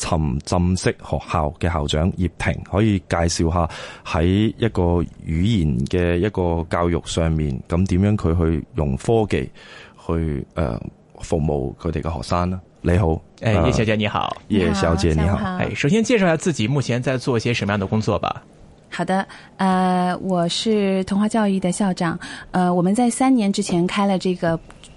沉浸式學校嘅校長葉婷，可以介紹下，喺一個語言嘅一個教育上面，咁點樣佢去用科技去誒、呃、服務佢哋嘅學生呢？你好，誒、呃、葉小姐你好，葉小姐你好，係首先介紹下自己目前在做一些什麼樣的工作吧。好的，誒、呃，我是桐華教育嘅校長，誒、呃，我們在三年之前開了這個。